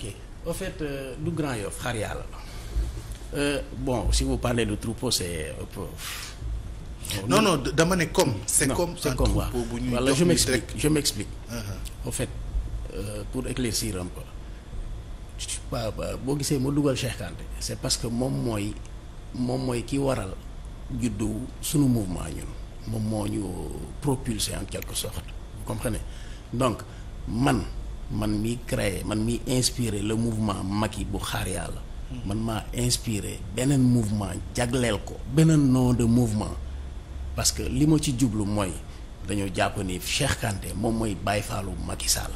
ok au fait euh, du Grand Yoff xaar yàlla la euh, bon si vous parlez de troupeau c'est euh, non non dama ne comme. c'est comme c'est comme waaw voilà je m'explique je uh-huh. euh, m'explique. pour éclaircir un boo gisee ma dugal Cheikh Kanté c'est parce que moom mooy moom mooy ki waral juddu sunu mouvement ñun moom moo ñu propulsé en quelque sorte vous comprenez donc man. man mi créé man mi inspiré la mouvement mag yi bu xaar yàlla man maa inspiré beneen mouvement jagleel ko beneen nom de mouvement parce que li ma ci jublu mooy dañoo jàpp ni Cheikh moom mooy Baye mag yi Sall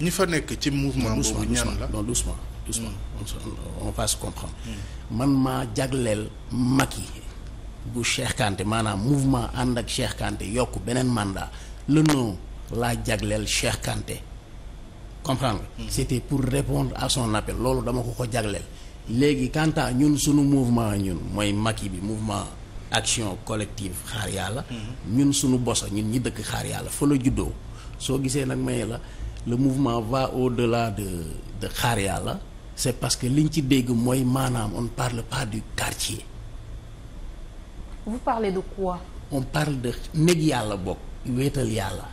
ñi fa nekk ci mouvement boobu ñan la non doucement doucement mm. on va mm. man maa jagleel mag yi bu Cheikh maanaam mouvement ànd ak Cheikh yokk beneen mandat le nom laa jagleel Cheikh comprendre nga. Mm. c'était pour répondre à son appel loolu dama ko ko jagleel. léegi quant ñun suñu mouvement ñun mooy Macky bi mouvement action collective xaar yàlla. Mm-hmm. ñun suñu bosa ñun ñi dëkk xaar yàlla fa la juddoo soo gisee nag maye la le mouvement va au-delà de de xaar yàlla c'est parce que liñ ci dégg mooy maanaam on parle pas du quartier. vous parlez de quoi. on parle de néeg yàlla bokk wéetal yàlla.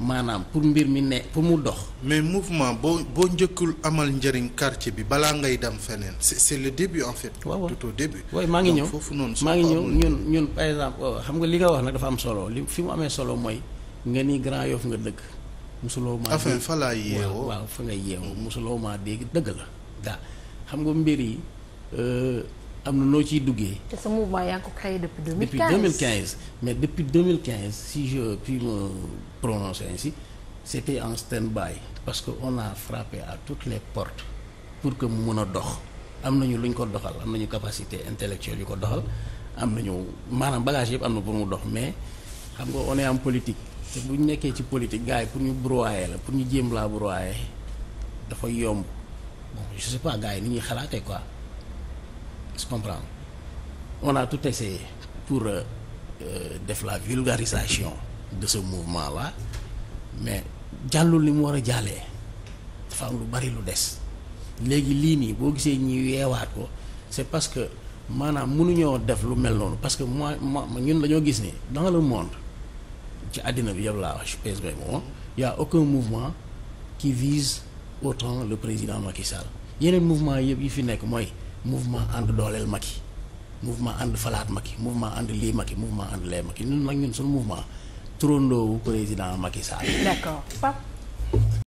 maanaam pour mbir mi ne pour mu dox. mais mouvement boo boo njëkkul amal njëriñ quartier bi balaa ngay dem feneen. c'est c'est le début en fait. waaw waaw maa ngi ñëw foofu noonu. maa ngi ñëw ñun ñun par exemple xam nga li nga wax nag dafa am solo li fi mu amee solo mooy nga ni Grand Yoff nga dëgg musuloo maa dégg fa laa yeewoo waaw fa nga yeewoo musuloo maa dégg dëgg la daa xam nga mbir yi. Euh, am na noo ciy duggee. te sa mouvement yaa ngi ko créé depuis 2015 depuis 2015 mais depuis 2015 si je puis me prononcer ainsi c' était en stand-by parce que on a frappé à toutes les portes pour que mu mën a dox am nañu lu ñu ko doxal am nañu capacité intellectuelle yu ko doxal am na nañu maanaam bagage yëpp am na pour mu dox mais xam nga on est en politique te bu ñu nekkee ci politique gars yi pour ñu broyer la pour ñu jéem laa broyer dafay yomb bon je sais pas gars yi ni ñuy xalaatee quoi. tu comprends on a tout essayé pour euh, euh def la vulgarisation de ce mouvement là mais jàllul li mu war a jàllee dafa lu bari lu des léegi lii nii boo gisee ñi yeewaat ko c'est parce que maanaam mënuñoo def lu mel noonu parce que moi ma ñun dañoo gis ni dans le monde ci àddina bi yëpp laa wax je pèse mes mots aucun mouvement qui vise autant le président Macky Sall yeneen mouvement yëpp yi fi nekk mooy mouvement ànd dooleel Macky mouvement ànd falaat Macky mouvement ànd lii Macky mouvement ànd lee Macky ñun nag ñun suñu mouvement turandoowu président Macky Sall. d'accord Pape.